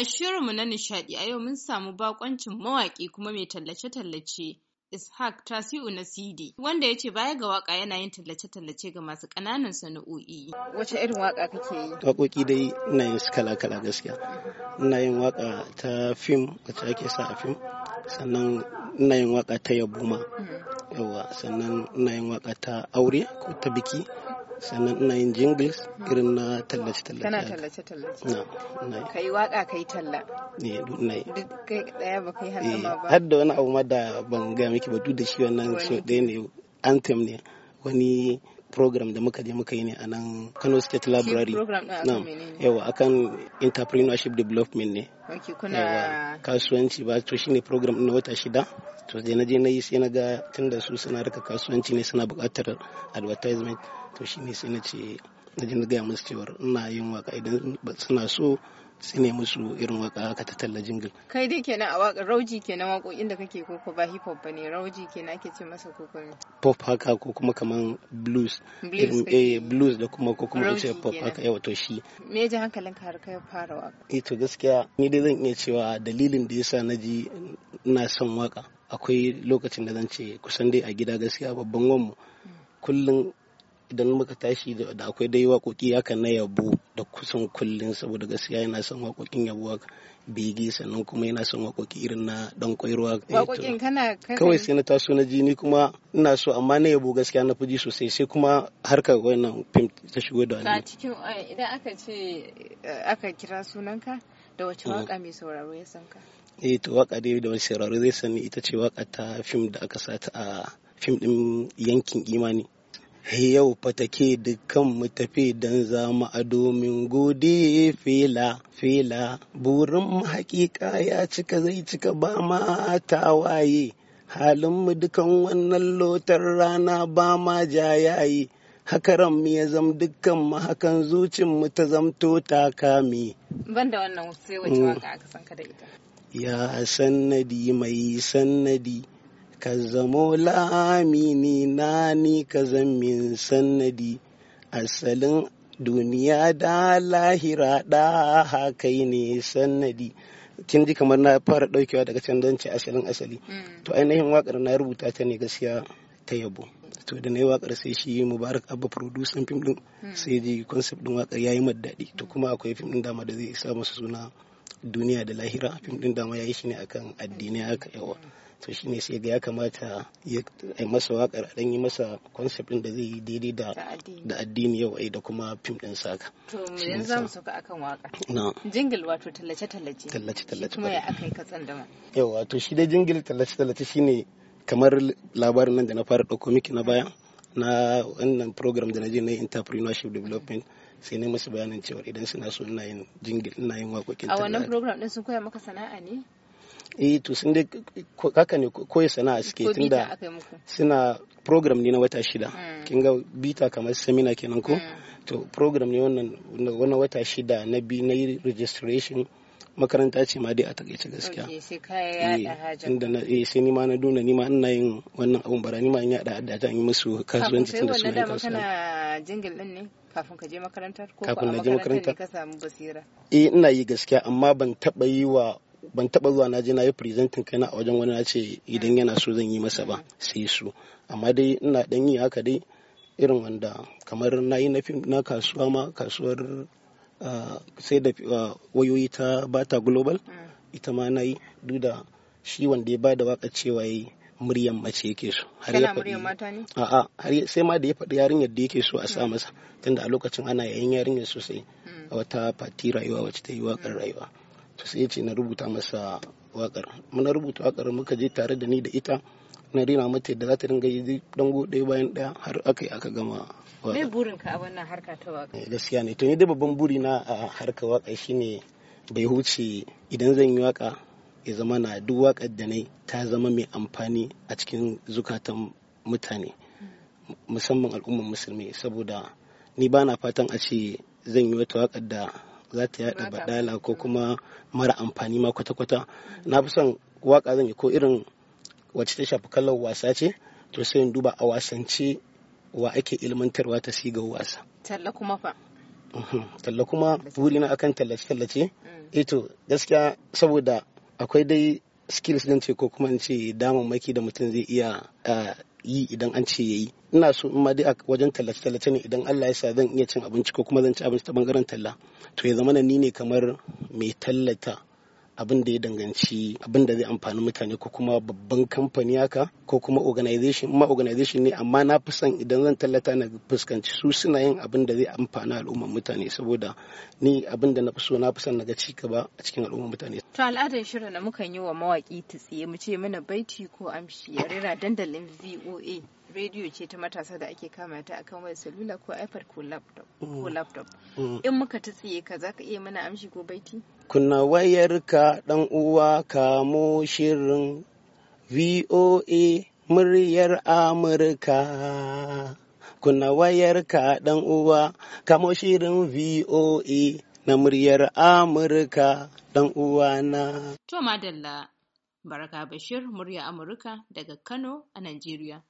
A shirinmu na nishaɗi a yau mun samu bakoncin mawaƙi kuma mai tallace-tallace Ishaq Tasi'u na CD wanda ya ce baya ga waka yana yin tallace-tallace ga masu ƙananan sana'o'i. Wace irin waka kake yi? Waƙoƙi dai ina yin su kala-kala gaskiya. Ina yin waka ta fim wacce ake sa a fim sannan ina yin waka ta yabuma. Mm. Yawa sannan ina yin waka ta aure ko ta biki sannan ina yin jingles irin na tallace-tallace kana tallace-tallace na kai waka kai talla ne eh, duk na yi duk kai daya ba kai hannu eh, ba har da wani abu ma da ban ga miki ba duk da shi wannan so ɗaya ne anthem ne wani program da muka je muka yi ne a nan Kano State Library. Na'am. Yawa akan entrepreneurship development ne. Okay, kuna kasuwanci ba to shine program na wata shida. To je na je na yi sai na ga tunda su suna raka kasuwanci ne suna buƙatar advertisement. to ne sai na ce na ji na gaya musu cewar ina yin waka idan suna so su ne musu irin waka haka ta talla jingil. Kai dai kenan a waka rauji kenan waƙoƙin da kake koko ba hip hop bane rauji kenan ake ce masa koko ne. Pop haka ko kuma kaman blues. Blues. Eh blues da kuma ko kuma ce pop haka yawa to shi. Me ji hankalin ka har kai fara waka? Eh to gaskiya ni dai zan iya cewa dalilin da yasa na ji ina son waka akwai lokacin da zan ce kusan dai a gida gaskiya babban wanmu hmm. kullum idan muka tashi da akwai dai waƙoƙi haka na yabo da kusan kullum saboda gaskiya yana son waƙoƙin yabo haka bege sannan kuma yana son waƙoƙi irin na dan kwairo eh kawai sai na taso na ji ni kuma ina so amma na yabo gaskiya na fuji sosai sai kuma harkar wannan fim ta shigo da wani cikin eh, idan aka ce eh, aka kira sunanka da wace mm. waka mai sauraro ya san ka eh to waka dai da wani sauraro zai sani ita ce waka ta fim da aka sata a fim din yankin imani Yau fatake dukkan mu tafi don mu a domin gode fela fela burin hakika ya cika zai cika ba ma ta waye, halinmu dukan wannan lotar rana ba ma jayayi hakaran ya zam dukkan mu hakan zucin mu ta zamto ta kame. Ban da wannan sai wace mm. waka aka san ka da ita. Ya sannadi mai sannadi. ka zamo lamini na ni ka zammin sannadi asalin duniya da lahira da kai ne sannadi kin ji kamar na fara daukewa daga can don asalin asali mm. to ainihin wakar na rubuta ta ne gaskiya ta yabo to da na yi wakar sai shi mubarak abba producing fim din mm. sai ji concept din wakar yayi yi daɗi to kuma akwai fim din dama da zai sa masu suna duniya da lahira fim din dama ya yi shi ne akan addinai haka yawa to shine sai ga ya kamata ya masa wakar a yi masa concept din da zai yi daidai da da addini yau da kuma fim din saka to yanzu zamu saka akan waka na jingle wato tallace tallace tallace tallace kuma ya akai katsan da yau wato shi da jingle tallace tallace shine kamar labarin nan da na fara dauko miki na baya na wannan program da na je na entrepreneurship development mm -hmm. sai ne musu bayanin cewa idan suna so ina yin jingil ina yin waƙoƙin a wannan program din sun koya maka sana'a ne eh to sun dai haka ne koyi sana'a suke tunda suna program ne na wata shida hmm. kin ga bita kamar seminar kenan ko hmm. to program ne wannan wannan wata shida na bi na registration makaranta ce ma dai a takaice gaskiya eh, inda na eh sai ni ma na duna ni ma ina yin wannan abun bara ni ma in yada adda ta yi musu kasuwanci tun da suna yi kasuwa ne kafin ka je makarantar ko kafin na je makarantar ka samu basira eh ina yi gaskiya amma ban taba yi wa ban taba zuwa na je na yi presenting na a wajen wani na ce idan yana so zan yi masa ba mm. sai su amma dai ina dan yi haka dai irin wanda kamar na yi na kasuwa ma kasuwar Uh, sai da uh, wayoyi ta bata global mm. ita ma na yi duk da shi wanda ya ba da waka cewa yi muryan mace yake so har ya faɗi a'a har sai ma da ya faɗi yarinyar da yake so a sa mm. masa tunda a lokacin ana yayin yarinyar sosai mm. a wata fati rayuwa wacce ta yi wakar rayuwa to sai ce na rubuta masa wakar muna rubuta wakar muka je tare da ni da ita na rina mace da za ta dinga yi dango ɗaya bayan ɗaya har aka yi aka gama me burin ka a wannan harka ta waka eh, gaskiya ne to ni da babban buri na a harka waka shine bai huce idan zan yi waka ya zama na duk wakar da nai ta zama mai amfani a cikin zukatan mutane musamman al'ummar musulmi saboda ni ba na fatan a ce zan yi wata wakar da za ta yada badala ko kuma mara amfani ma kwata-kwata na fi son waka zan yi ko irin wacce ta shafi kallon wasa ce to sai in duba a wasance wa ake ilmantarwa ta sigar wasa talla kuma fa mhm. talla kuma burina akan tallace tallace mm. eh ito gaskiya saboda akwai dai skills din ce ko kuma in ce damammaki da mutum zai iya ah, yi idan an ce yayi ina so in ma dai a wajen tallace tallace ne idan Allah ya sa zan iya cin abinci ko kuma zan ci abinci ta bangaren talla to ya zama ni ne kamar mai tallata abin da ya danganci abin da zai amfani mutane ko kuma babban kamfani haka ko kuma organization ma organization ne amma na fi son idan zan tallata na fuskanci su suna yin abin da zai amfani al'ummar mutane saboda ni abin da na fi so na fi son na ga ci gaba a cikin al'ummar mutane. To al'adar shirin da mukan yi wa mawaki ta tsaye mu ce mana baiti ko amshi ya rera dandalin VOA. rediyo ce ta matasa da ake kama ta akan wayar salula ko ipad ko laptop mm. Mm. in muka ta tsaye ka za ka iya mana amshi ko baiti Kuna wayarka ɗan uwa kamo shirin VOA muryar Amurka. Kuna wayarka ɗan uwa kamo shirin VOA na muryar Amurka ɗan uwana. To Madalla, Baraka Bashir, murya Amurka daga Kano a Najeriya.